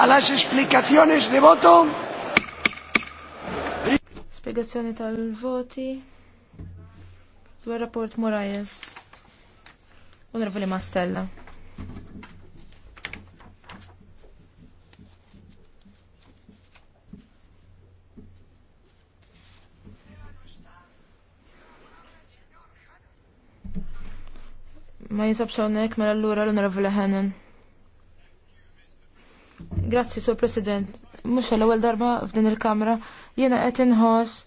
a las explicaciones de voto. Spiegazzjoni tal-voti dwar rapport Morajes. Onorevoli Mastella. Ma jinsabx hawnhekk mela allura l-Onorevoli Hannan. Grazzi, Sur President. Mux l-ewwel darba f'din il-kamra jiena qed inħoss eh,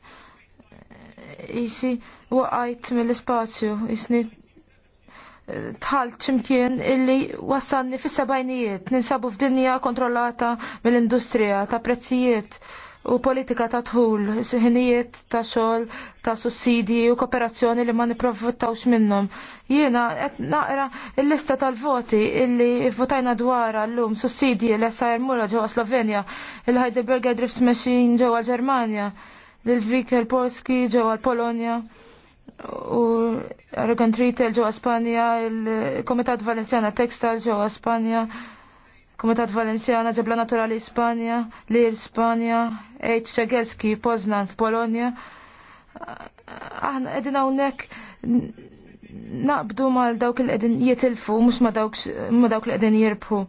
jisi waqajt mill-ispazju, jisni eh, tħalt ċimkien illi wassanni fis-sebajnijiet, ninsabu f'dinja kontrollata mill-industrija ta' prezzijiet u politika ta' tħul, siħnijiet ta' xogħol ta' sussidji u kooperazzjoni li ma niprofittawx minnhom. Jiena qed naqra l-lista tal-voti illi votajna dwarha llum sussidji l sajr Mura ġewwa Slovenja, il-Heidelberger Drift Machine ġewwa Ġermanja, l-Vikel Polski ġewa Polonja u Arrogant Retail ġewwa Spanja, il-Komitat Valenzjana Textile ġewwa Spanja. Komitat Valenciana ġebla naturali Ispanja, li Ispanja, H. Segelski, Poznan Polonia. Aħna edina unnek naqbdu mal dawk l qegħdin jitilfu mhux ma dawk l edin jirbħu.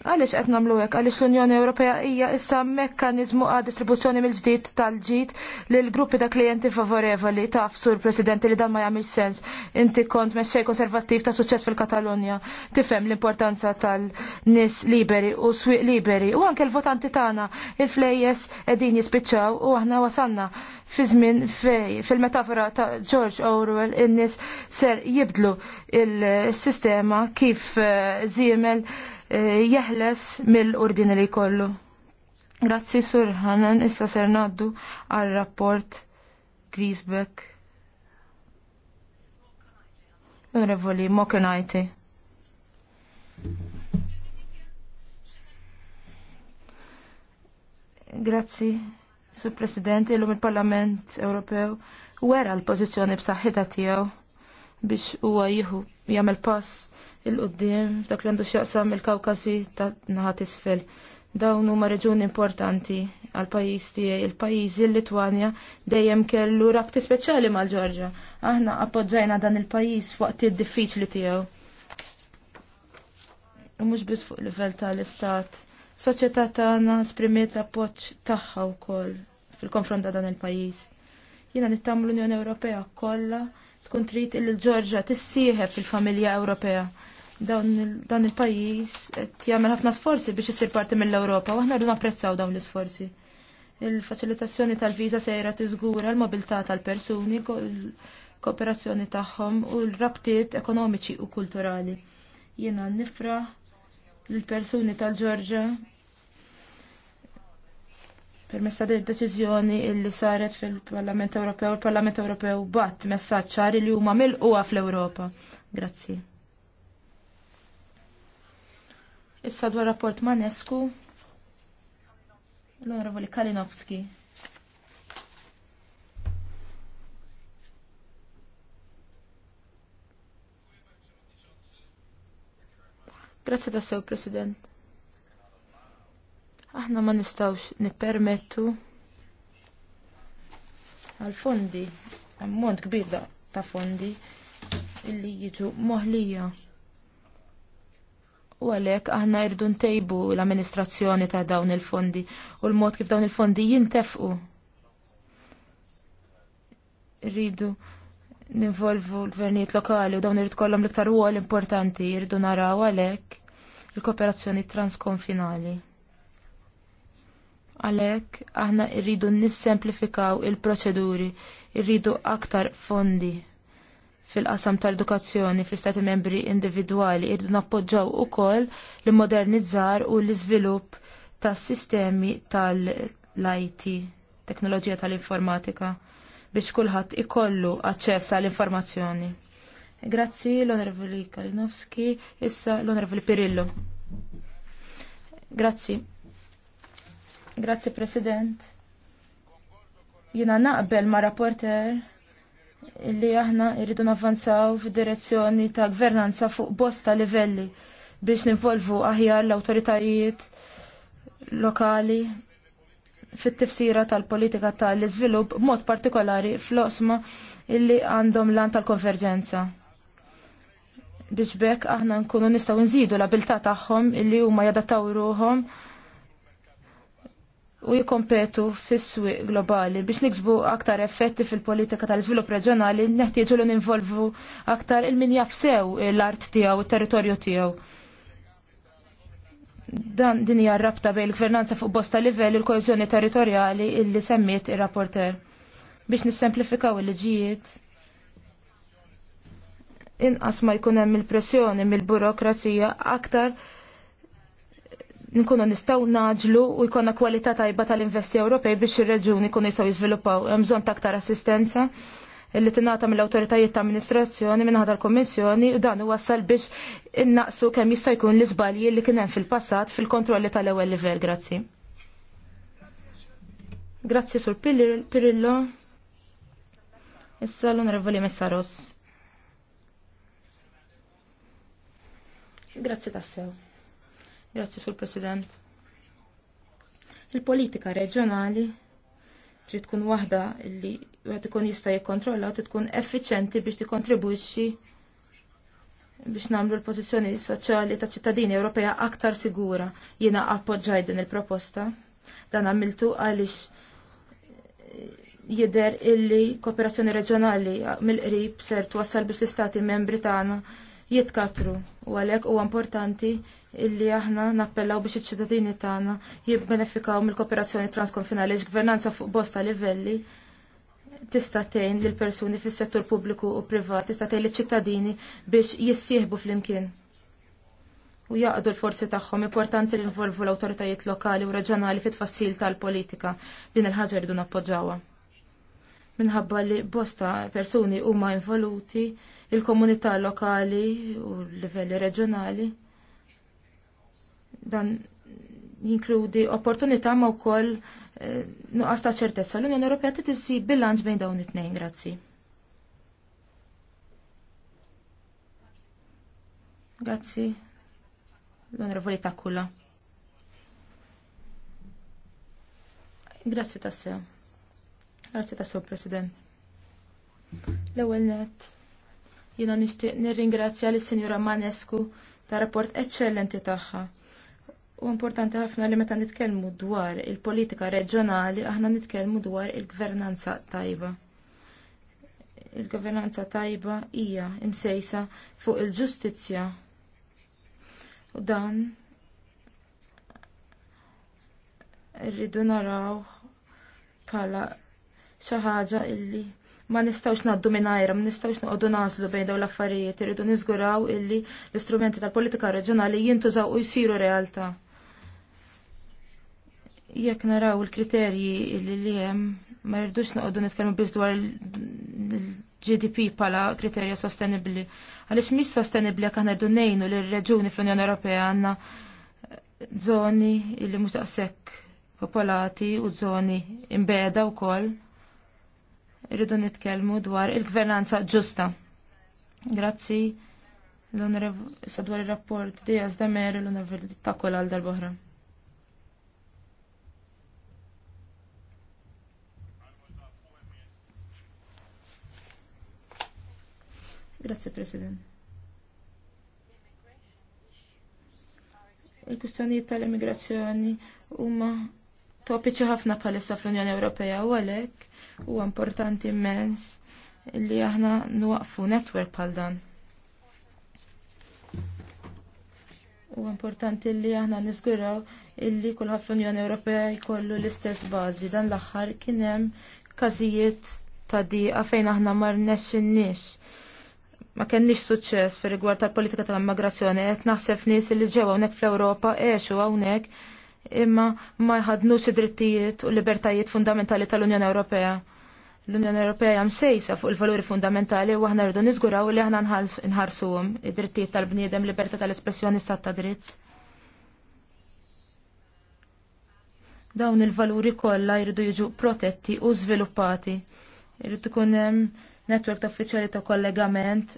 Għaliex qed nagħmlu hekk għaliex l-Unjoni Ewropea hija issa mekkaniżmu għad distribuzzjoni mill-ġdid tal-ġid l gruppi ta' klijenti favorevoli taf sur Presidenti li dan ma jgħamil sens. Inti kont meċċej konservattiv ta' suċċess fil katalonja Tifhem l-importanza tal-nies liberi u swieq liberi u anke l-votanti tagħna il-flejjes qegħdin jispiċċaw u aħna wasanna fi żmien fil-metafora ta' George Orwell in-nies ser jibdlu il-sistema kif eh, żiemel jeħles mill-ordini li kollu. Grazzi Sur ħanan issa ser naddu għal rapport Griesbeck. Onorevoli Mokenajti. Grazzi, Sur President, illum il-Parlament Ewropew wera l-pożizzjoni b'saħħitha tiegħu biex huwa jieħu jagħmel pass il-qoddim f'dak li għandu x'jaqsam il-Kawkasi ta' naħat isfel. Dawn huma reġuni importanti għal pajjiż tiegħi, il pajjiżi il-Litwanja dejjem kellu rabti speċjali mal-Ġorġa. Aħna appoġġajna dan il-pajjiż fuq tid diffiċli tiegħu. U mhux biss fuq livell tal-istat. Soċjetà tagħna sprimiet appoġġ tagħha wkoll fil-konfront ta' dan il-pajjiż. Jiena nittam l-Unjoni Ewropea kollha tkun trid il ġorġa tissieħeb fil-familja Ewropea dan il-pajis qed jagħmel ħafna sforzi biex isir parti mill-Ewropa u aħna rridu napprezzaw dawn l-isforzi. Il-faċilitazzjoni tal-viża sejra tiżgura l-mobilità tal-persuni, kooperazzjoni tagħhom u l-rabtiet ekonomiċi u kulturali. Jiena nifra l-persuni tal-Ġorġa permessa din id-deċiżjoni li saret fil-Parlament Ewropew, il-Parlament Ewropew bat messaċċar li huma mill-qwa fl-Ewropa. Grazzi. Issa dwar rapport Manescu l-Onorevoli Kalinowski. Grazie da sew, President. Aħna ma nistawx nippermettu għal-fondi, ammont kbir ta' fondi illi jiġu moħlija U għalhekk aħna rridu ntejbu l-amministrazzjoni ta' dawn il-fondi u l-mod kif dawn il-fondi jintefqu. Rridu ninvolvu l-gvernijiet lokali u dawn irid kollhom l-iktar ruol importanti jridu naraw għalhekk il-kooperazzjoni transkonfinali. Għalhekk aħna rridu nissemplifikaw il-proċeduri, rridu aktar fondi fil-qasam tal-edukazzjoni fl-istati membri individwali irdu nappoġġaw ukoll l-modernizzar u l-iżvilupp tas sistemi tal-IT, teknoloġija tal-informatika, biex kulħadd ikollu aċċess għall informazzjoni Grazzi l-Onorevoli Kalinowski, issa l-Onorevoli Pirillo. Grazzi. Grazzi President. Jina naqbel ma' rapporter illi aħna irridu navvanzaw f'direzzjoni ta' gvernanza fuq bosta livelli biex ninvolvu aħjar l-autoritajiet lokali fit-tifsira tal-politika tal-iżvilupp b'mod partikolari fl-osma illi għandhom lan tal-konverġenza. Biex bekk aħna nkunu nistgħu nżidu l-abilità tagħhom illi huma jadattaw ruhom u jikompetu fis-swieq globali. Biex niksbu aktar effetti fil-politika tal-iżvilupp reġjonali, neħtieġu li ninvolvu aktar il-min jafsew l-art tiegħu, il-territorju tiegħu. Dan din hija rabta bejn il-gvernanza fuq bosta livell il-kohezjoni territorjali illi semmiet ir-rapporter. Biex nissemplifikaw il-liġijiet, inqas ma jkun hemm il-pressjoni mill-burokrazija aktar nkunu nistgħu naġlu u jkollna kwalità tajba tal-investi Ewropej biex ir-reġuni jkunu jistgħu jiżviluppaw. Hemm bżonn ta' aktar assistenza li tingħata mill-awtoritajiet ta' amministrazzjoni minn ħadar kommissjoni u dan wassal biex innaqsu kemm jista' jkun l-iżbalji li kien hemm fil-passat fil-kontrolli tal-ewwel livell. Grazzi. Grazzi sur Pirillo. Issa l-Onorevoli Messaros. Grazzi tassew. Grazzi Sur President. Il-politika reġjonali trid tkun waħda li wieħed ikun jista' jikkontrolla trid tkun effiċjenti biex tikkontribwixxi biex nagħmlu l-pożizzjoni soċjali ta' ċittadini Ewropea aktar sigura. Jiena appoġġaj din il-proposta. Dan għamiltu għaliex jidher illi kooperazzjoni reġjonali mill-qrib ser twassal biex l-istati membri tagħna jitkatru u għalhekk huwa importanti illi aħna nappellaw biex iċ-ċittadini tagħna jibbenefikaw mill-kooperazzjoni transkonfinali gvernanza fuq bosta livelli tista' tgħin lil persuni fis-settur pubbliku u privat, tista' tgħin liċ-ċittadini biex jissieħbu flimkien. U jaqdu l-forzi tagħhom importanti li involvu l-awtoritajiet lokali u reġjonali fit-tfassil tal-politika. Din il-ħaġa rridu nappoġġawha minħabba li bosta persuni huma involuti il-komunità lokali u l-livelli reġjonali. Dan jinkludi opportunità ma wkoll eh, nuqqas ta' ċertezza l-Unjoni Ewropea trid issib bilanċ bejn dawn it-tnejn, grazzi. Grazzi. L-Onorevoli kulla. Grazzi tassew. Grazzi ta' Sur President. L-ewwel net jiena nixtieq nirringrazzja lis sinjura Manescu ta' rapport eċċellenti tagħha. U importanti ħafna li meta nitkellmu dwar il-politika reġjonali aħna nitkellmu dwar il-gvernanza tajba il gvernanza tajba hija msejsa fuq il-ġustizzja. U dan rridu naraw bħala xi ħaġa illi ma nistawx naddu minnajra, ma nistawx noqogħdu nażlu bejn dawn l-affarijiet, irridu niżguraw illi l-istrumenti tal-politika reġjonali jintużaw u jsiru realtà. Jekk naraw il-kriterji illi li hemm ma rridux noqogħdu nitkellmu biss dwar il-GDP bħala kriterja sostenibbli. Għaliex mhix sostenibbli jekk aħna rridu ngħinu lil reġuni fl-Unjoni Ewropea għandna żoni illi mhux daqshekk popolati u żoni imbeda wkoll irridu nitkellmu dwar il-gvernanza ġusta. Grazzi l-onorevoli sadwar il-rapport Diaz Damer l-onorevoli Takol għal darbohra. Grazie President. Il-kustjonijiet tal-immigrazzjoni huma topiċi ħafna bħalissa fl-Unjoni Ewropea u għalhekk huwa importanti immens li aħna nwaqfu netwerk bħal dan. Huwa importanti li aħna nisguraw illi kulħadd fl-Unjoni Ewropea jkollu l-istess bażi dan l-aħħar kien hemm każijiet ta' diqa fejn aħna ma rnexxinniex ma kenniex suċċess fir rigward tal-politika tal-immigrazzjoni qed naħseb nies li ġew hawnhekk fl-Ewropa għexu hawnhekk imma ma jħadnux id-drittijiet u libertajiet fundamentali tal-Unjoni Ewropea. L-Unjoni Ewropea jam sejsa fuq il-valuri fundamentali u aħna rridu niżguraw li aħna nħarsuhom id-drittijiet tal-bniedem, libertà tal-espressjoni stat ta' dritt. Dawn il-valuri kollha jridu jiġu protetti u żviluppati. Irrid ikun hemm netwerk ta' uffiċjali ta' kollegament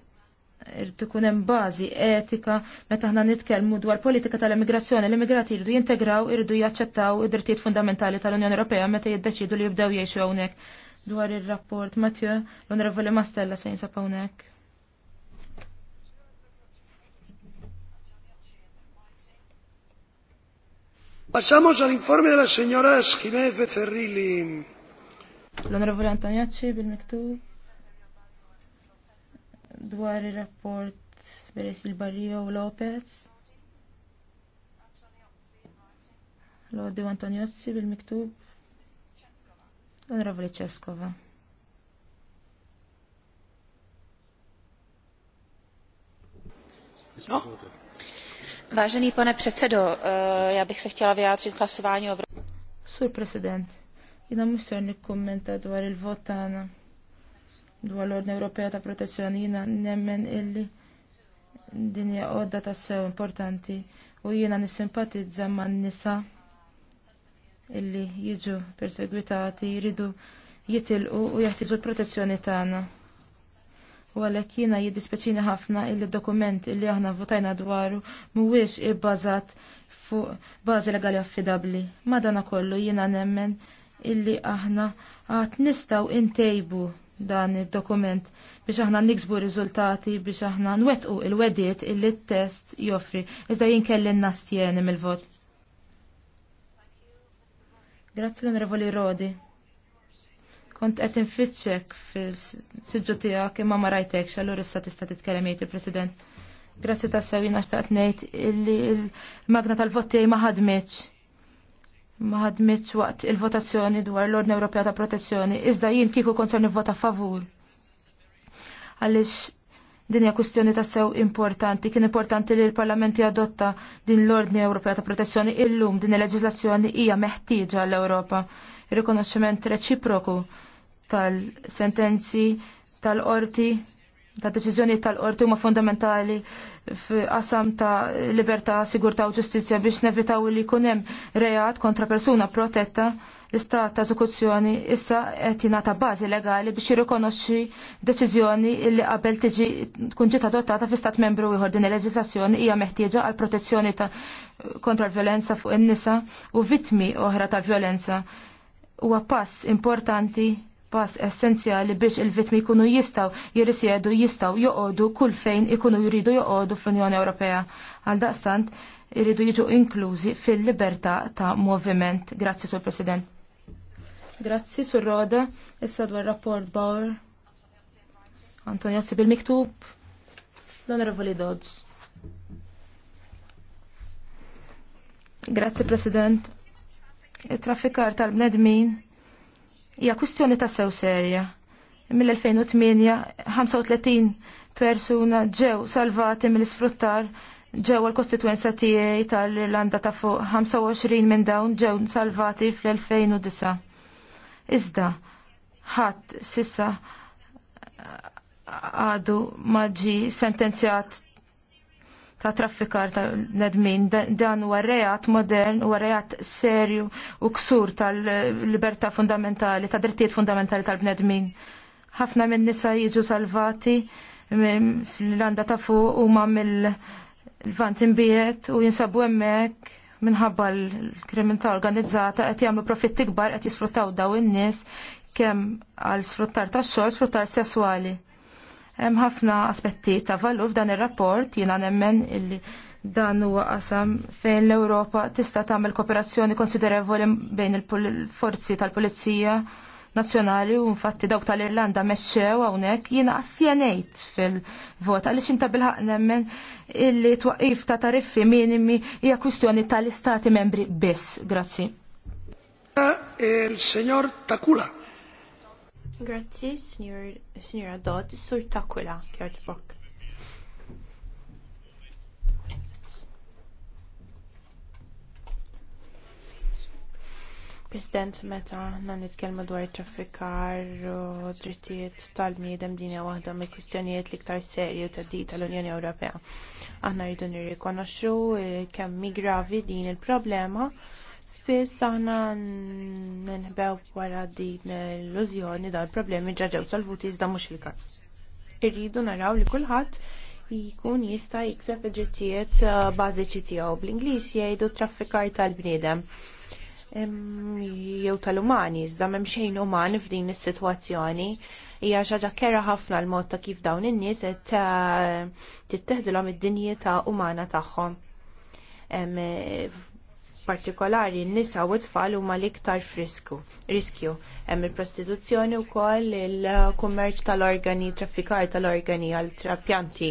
tkun ikun hemm bażi etika meta aħna nitkellmu dwar politika tal-immigrazzjoni. L-immigrati jridu jintegraw, irridu jaċċettaw id-drittijiet fundamentali tal-Unjoni Ewropea meta jiddeċidu li jibdew jgħixu hawnhekk. Dwar ir-rapport Mathieu, l-Onorevoli Mastella se jinsab hawnhekk. Passamos al informe de signora señora Becerrilli. l Antoniacci bil-miktub dwar il rapport Beres il-Barrio Lopez. Lodi Antoniozzi bil-miktub. Onorevoli Ceskova. No. Vážený pane předsedo, eh, já bych se chtěla vyjádřit hlasování o... Sur prezident, jenom musím ser dvar il votána dwar l-Ordni Ewropea ta' Protezzjoni jiena nemmen illi din hija għodda ta' sew importanti u jiena nissimpatizza man nisa illi jiġu persegwitati jridu jitilqu u jeħtieġu protezzjoni tagħna. U għalhekk jiena jiddispjaċini ħafna illi dokument illi aħna votajna dwaru mhuwiex ibbażat fuq bażi legali affidabbli. Madana kollu jiena nemmen illi aħna għad nistgħu intejbu dan id-dokument biex aħna niksbu riżultati biex aħna nwettqu il-wediet illi t-test joffri. Iżda jinkelli nastjeni mill-vot. Grazzi l-Onorevoli Rodi. Kont qed infittxek fil-siġġu tiegħek imma ma rajtekx, allura issa tista' titkellem jgħid il-President. Grazzi tas-sewina xtaqt ngħid illi l-magna tal-vot tiegħi ma ħadmitx ma ħadmitx waqt il-votazzjoni dwar l-Ordni Ewropea ta' Protezzjoni, iżda jien kieku konsern vota favur. Għaliex din hija kwistjoni ta' sew importanti, kien importanti li l-Parlament jadotta din l-Ordni Ewropea ta' Protezzjoni illum din il leġislazzjoni hija meħtieġa għall ewropa Rikonoxximent reċiproku tal-sentenzi tal-qorti ta' deċiżjoni tal-qorti huma fundamentali f'qasam ta' libertà, sigurtà u ġustizzja biex nevitaw li jkun hemm reat kontra persuna protetta l-istat ta' eżekuzzjoni issa qed jingħata bażi legali biex jirrikonoxxi deċiżjoni li qabel tiġi tkun ġiet adottata fi stat membru ieħor din il-leġislazzjoni hija meħtieġa għal protezzjoni ta' kontra l-violenza fuq in-nisa u vittmi oħra ta' violenza huwa pass importanti pass essenzjali biex il-vittmi jkunu jistaw jirisjedu jistaw joqodu kull fejn ikunu jridu joqodu fl-Unjoni Ewropea. Għal daqstant jridu jiġu inklużi fil-libertà ta' moviment. Grazzi sur President. Grazzi sur Roda, issa dwar rapport Bauer. Antonio Sibil Miktub, l-Onorevoli Dodds. Grazzi President. Il-traffikar tal-bnedmin hija kwistjoni ta' sew serja. Mill-2008 35 persuna ġew salvati mill-isfruttar ġew l-kostituenza tiegħi tal-Irlanda ta' fuq 25 minn dawn ġew salvati fl-2009. Iżda ħadd sissa għadu ma ġie sentenzjat ta' traffikar ta' nedmin dan huwa reat modern huwa reat serju u ksur tal-libertà fundamentali ta' drittijiet fundamentali tal-bnedmin. Ħafna minn nisa jiġu salvati fil-landa ta' fuq u ma' mill-vant imbiet u jinsabu hemmhekk minħabba l ta' organizzata qed jagħmlu profitt ikbar qed jisfruttaw daw in-nies kemm għal sfruttar tax-xogħol, sfruttar sesswali. Hemm ħafna aspetti ta' valur f'dan ir-rapport jiena nemmen illi dan huwa qasam fejn l-Ewropa tista' tagħmel kooperazzjoni konsiderevoli bejn il-forzi tal-Pulizija nazzjonali u infatti dawk tal-Irlanda mexxew hawnhekk jiena assjenejt fil-vot għaliex inta bilħaq nemmen illi twaqif ta' tariffi minimi hija kwistjoni tal-istati membri biss. Grazzi. Il-Senjor Takula. Grazzi, signora Dodd, sur takwila, kjart bok. President, meta na nitkellmu dwar traffikar u drittijiet tal-miedem din hija waħda mill-kwistjonijiet l-iktar serju ta' di tal-Unjoni Ewropea. Aħna rridu nirrikonoxxu eh, kemm mi gravi din il-problema Spiss aħna nħbew wara din l-illużjoni dan problemi ġaġew salvuti iżda mhux il-każ. Irridu naraw li kulħadd jkun jista' jikseb il-ġittijiet uh, bażiċi tiegħu bl-Ingliż jgħidu traffikar tal-bniedem jew tal-umani, iżda m'hemm xejn umani f'din is-sitwazzjoni. Hija xi ħaġa kera ħafna l-mod ta' kif dawn in-nies qed uh, titteħdilhom id-dinjità umana tagħhom partikolari n-nisa u t-tfal huma l-iktar frisku, riskju. Hemm il-prostituzzjoni wkoll il-kummerċ tal-organi, traffikar tal-organi għal trapjanti.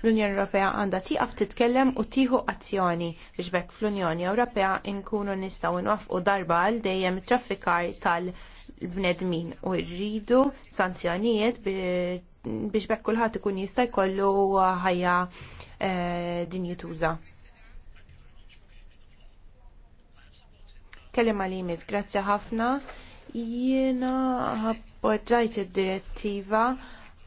L-Unjoni Ewropea għandha tieqaf titkellem u tieħu azzjoni biex bekk fl-Unjoni Ewropea nkunu nistgħu nwaffqu darba għal dejjem traffikar tal-bnedmin u rridu sanzjonijiet biex bekk kulħadd ikun jista' jkollu ħajja eh, din jituża. nitkellem għal imis, grazzi ħafna. Jiena appoġġajt id-direttiva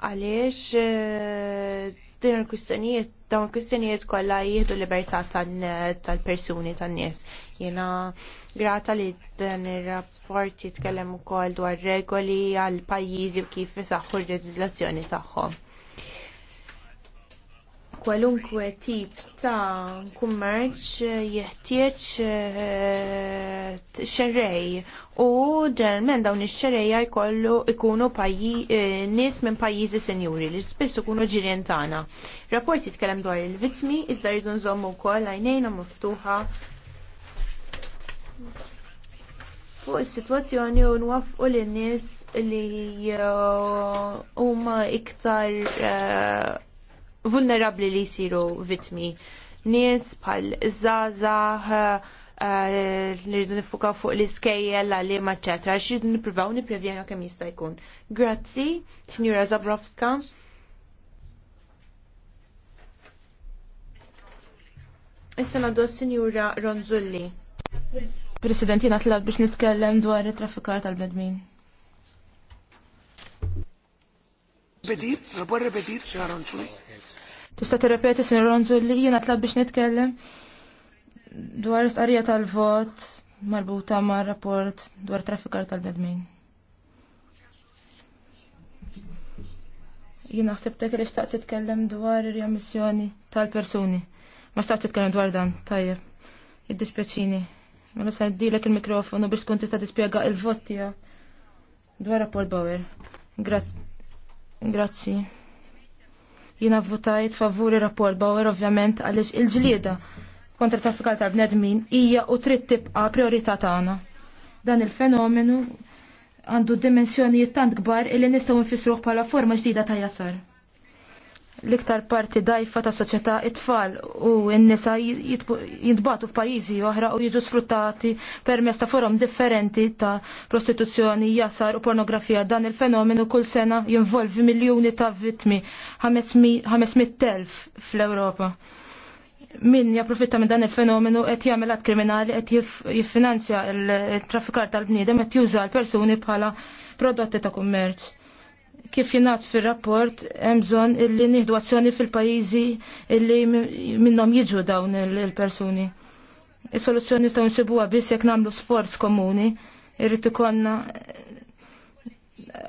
għaliex eh, din il-kustanijiet dawn il-kustanijiet kolla jihdu libertà tal-persuni tan-nies. Jiena grata li dan ir-rapport jitkellem ukoll dwar regoli għal pajjiżi u kif isaħħu r reġizlazzjoni tagħhom kwalunkwe tip ta' kummerċ jeħtieġ eh, xerrej u ġermen dawn ix-xerejja jkollu ikunu eh, nies minn pajjiżi senjuri li spiss ikunu ġirien tagħna. Rapport jitkellem dwar il-vittmi iżda jridu nżommu wkoll għajnejna miftuħa fuq is-sitwazzjoni u nwaffqu lin nies li eh, huma iktar vulnerabli li jisiru vitmi. Nies bħal zaza, nirridu eh, eh, nifuka fuq l-iskejjel għalim, eccetera, xirridu niprivaw niprevjena kemm jista' jkun. Grazzi, Signora Zabrowska. Issa nadu Signora Ronzulli. Presidenti, natlab biex nitkellem dwar it-traffikar tal bledmin Bedit, rapport repetit, xa Ronzulli. Tista' tirrepeti sin Ronzu li jiena tlab biex nitkellem dwar istqarrija tal-vot marbuta mar rapport dwar traffikar tal-bnedmin. Jiena ħsibtek li xtaqt titkellem dwar ir-remissjoni tal-persuni. Ma xtaqt titkellem dwar dan, tajjeb. Id-dispjaċini. Ma id dilek il-mikrofonu biex tkun tista' tispjega il-vot tiegħek dwar rapport Bauer. Grazie. Grazzi. Jina votajt favuri rapport Bauer ovvjament għaliex il-ġlieda kontra traffikal tal-bnedmin hija u trid tibqa' priorità tagħna. Dan il-fenomenu għandu dimensjonijiet tant kbar illi nistgħu nfissruh bħala forma ġdida ta' jasar l-iktar parti dajfa ta' soċjetà it-tfal u n-nisa jintbatu f'pajjiżi oħra u jiġu sfruttati permezz ta' forom differenti ta' prostituzzjoni, jasar u pornografija. Dan il-fenomenu kull sena jinvolvi miljuni ta' vittmi, 500.000 fl-Ewropa. Min japprofitta minn dan il-fenomenu qed jagħmel att kriminali qed jiffinanzja il traffikar tal-bniedem qed juża l-persuni bħala prodotti ta' kummerċ kif jingħad fir-rapport hemm bżonn illi nieħdu azzjoni fil-pajjiżi illi minnhom jiġu dawn il-persuni. Is-soluzzjoni nistgħu nsibuha biss jekk nagħmlu sforz komuni, irrid ikollna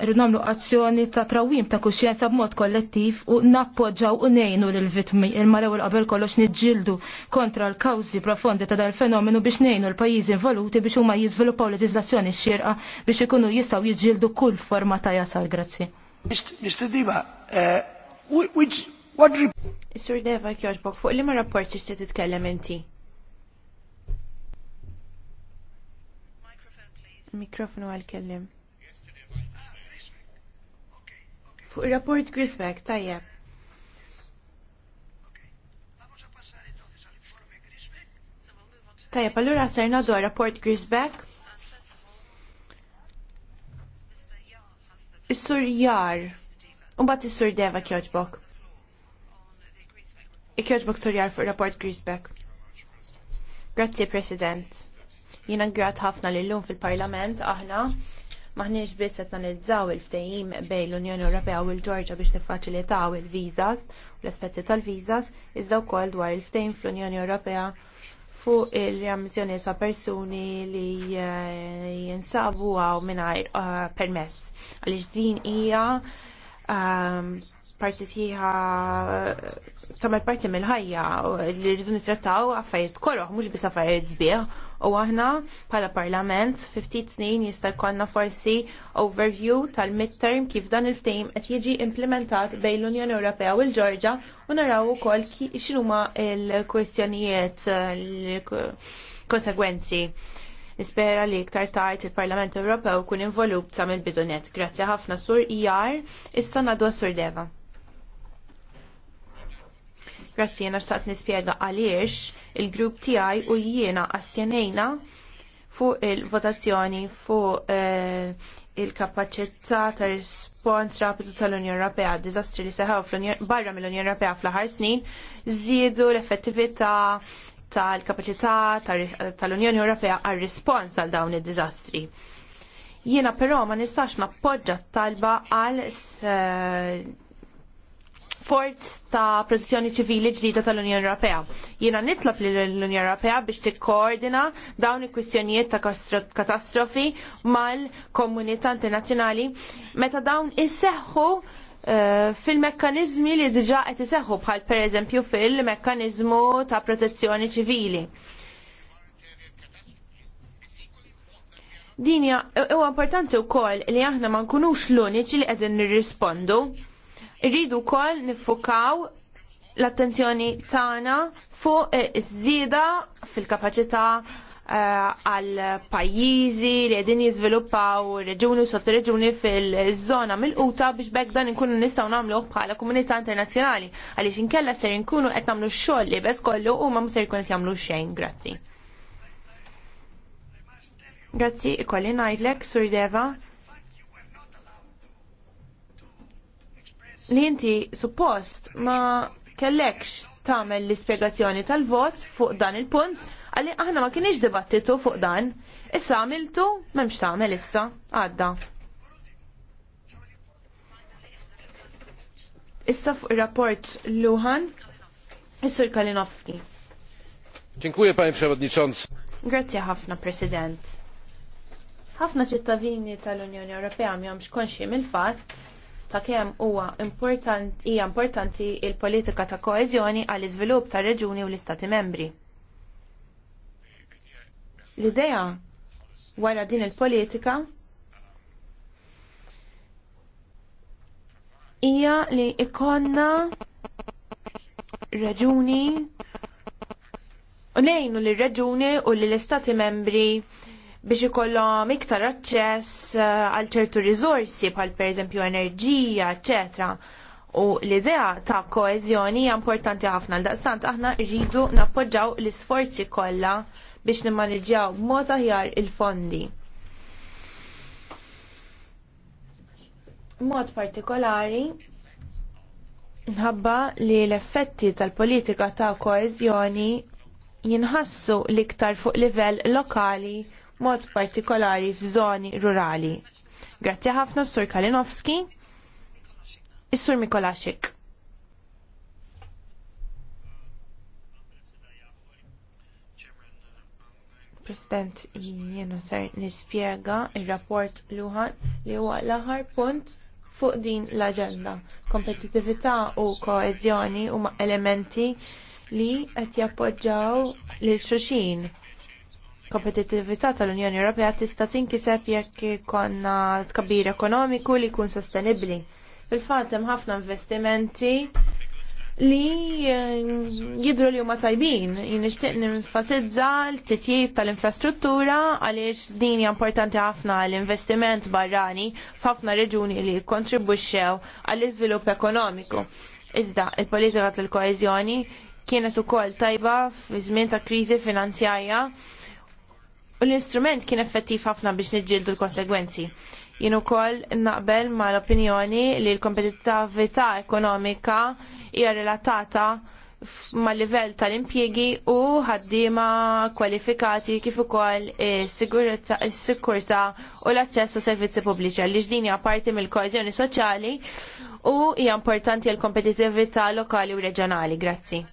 irrid nagħmlu azzjoni ta' trawim ta' kuxjenza b'mod kollettiv u nappoġġaw u ngħinu lil vittmi il-marew qabel kollox niġġieldu kontra l-kawżi profondi ta' dal fenomenu biex ngħinu l-pajjiżi involuti biex huma jiżviluppaw leġiżlazzjoni xirqa biex ikunu jistgħu jiġġieldu kull forma ta' jasal. Grazzi. Mr. Diva, eh, which, what report? Sur Deva kjoġbok, fuq li ma rapport tixtieq titkellem inti? Mikrofonu għal-kellim. Fuq rapport Grisbeck, tajjeb. Tajjeb, allura serna dwar rapport Grisbeck. Is-sur jar, unbat is-sur deva kjoġbok. Ikjoġbok sur jar fuq rapport Grisbeck. Grazzi, President. Jina grat ħafna l-lum fil-parlament, aħna maħniex biss qed analizzaw il-ftehim bejn l-Unjoni Ewropea u l-Ġorġa biex niffaċilitaw il vizas u l-aspetti tal vizas iżda wkoll dwar il ftejim fl-Unjoni Ewropea fuq il-rammizzjoni ta' persuni li eh, jinsabu għaw minna eh, permess. Għalix din hija ehm, parti sħiħa tamal parti mill-ħajja li rridu nitrattaw affarijiet koroħ mhux bis affarijiet sbieħ u aħna bħala parlament 50 snin jista' jkollna forsi overview tal-midterm kif dan il-ftehim qed jiġi implementat bejn l-Unjoni Ewropea u l-Ġorġa u naraw ukoll x'huma l-kwestjonijiet l-konsegwenzi. Nispera li iktar tard il-Parlament Ewropew kun involut sa mill-bidunet. Grazzi ħafna sur IR, e issa nadu sur Deva. Grazzi jena xtaqt nispjega għaliex il-grupp tijaj u jiena għastjenejna fuq il-votazzjoni fuq eh, il-kapacità ta' rispons rapidu tal-Unjoni Ewropea, diżastri li seħaw barra mill-Unjoni Ewropea fl-aħħar snin, żiedu l-effettività tal-kapacità tal-Unjoni Ewropea għal rispons għal dawn id-diżastri. Jiena però ma nistax nappoġġa talba għal eh, forz ta' protezzjoni ċivili ġdida tal-Unjoni Ewropea. Jiena nitlob li l-Unjoni Ewropea biex tikkoordina dawn il-kwistjonijiet ta' katastrofi mal-komunità internazzjonali meta dawn isseħħu eh, fil-mekkanizmi li diġa qed iseħħu bħal pereżempju fil-mekkanizmu ta' protezzjoni ċivili. Dinja, huwa importanti wkoll li aħna ma nkunux l-uniċi li qegħdin nirrispondu Irridu wkoll nifukaw l-attenzjoni tana fuq eh, iż-żieda fil-kapaċità eh, għal pajjiżi li qegħdin jiżviluppaw reġuni u sottoreġuni fil zona mill-quta biex bekk dan inkunu nistgħu namlu bħala komunità internazzjonali għaliex inkella ser inkunu qed nagħmlu xogħol li bes kollu huma ma ser jkun qed jagħmlu xejn. Grazzi. Grazzi, ikolli ngħidlek, Sur Deva, li inti suppost ma kellekx tagħmel l-ispjegazzjoni tal-vot fuq dan il-punt għalli aħna ma kienix dibattitu fuq dan. Issa għamiltu m'hemmx tagħmel issa għadda. Issa fuq ir-rapport Luhan is-Sur Kalinowski. Dziękuję panie przewodniczący. Grazie ħafna President. Ħafna ċittadini tal-Unjoni Ewropea miħomx konxi mill-fatt ta' kemm huwa importanti hija importanti l politika ta' koeżjoni għall iżvilupp tar reġuni u l-Istati membri. L-idea wara din il-politika hija li ikonna reġuni u nejnu li reġuni u li l-istati membri biex ikollhom iktar aċċess eh, għal ċertu riżorsi bħal pereżempju enerġija, eċetera. U l-idea ta' koeżjoni hija importanti ħafna l daqstant aħna rridu nappoġġaw l-isforzi kollha biex nimmaniġġjaw b'mod aħjar il-fondi. Mod partikolari nħabba li l-effetti tal-politika ta' koeżjoni jinħassu l-iktar fuq livell lokali mod partikolari f'żoni rurali. Grazzi ħafna Sur Kalinowski, is-Sur Mikolaxik. President, jiena ser nispjega il-rapport Luhan li huwa l-aħħar punt fuq din l-aġenda. Kompetitività u koeżjoni huma elementi li qed jappoġġjaw lil xulxin kompetittività tal-Unjoni Ewropea tista' tinkiseb jekk ikonna tkabbir ekonomiku li jkun sostenibbli. Fil-fatt hemm ħafna investimenti li eh, jidru li huma tajbin. Nixtieq ninfasizza l-titjib tal-infrastruttura għaliex din hija importanti ħafna l-investiment barrani f'ħafna reġuni li kontribwixxew għall-iżvilupp ekonomiku. Iżda, il-politika tal-koeżjoni kienet ukoll tajba fi żmien ta' kriżi finanzjarja U l-instrument kien effettiv ħafna biex niġġieldu l-konsegwenzi. Jien ukoll naqbel ma l-opinjoni li l kompetitività ekonomika hija relatata ma' livell tal-impjiegi u ħaddiema kwalifikati kif ukoll is-sikurtà u l-aċċess ta' servizzi pubbliċi li din hija parti mill-koeżjoni soċjali u hija importanti l-kompetitività lokali u reġjonali. Grazzi.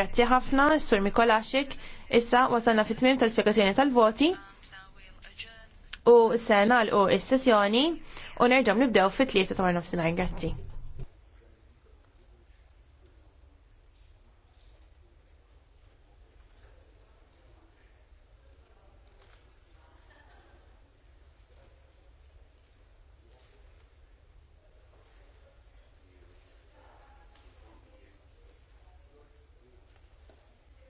Grazzi ħafna, Sur Mikolaxik, Issa wasalna fit-tmim tal-spjegazzjoni tal-voti u se nagħlqu is-sessjoni u nerġgħu nibdew fit-tlieta ta' nofsinhar. Grazzi.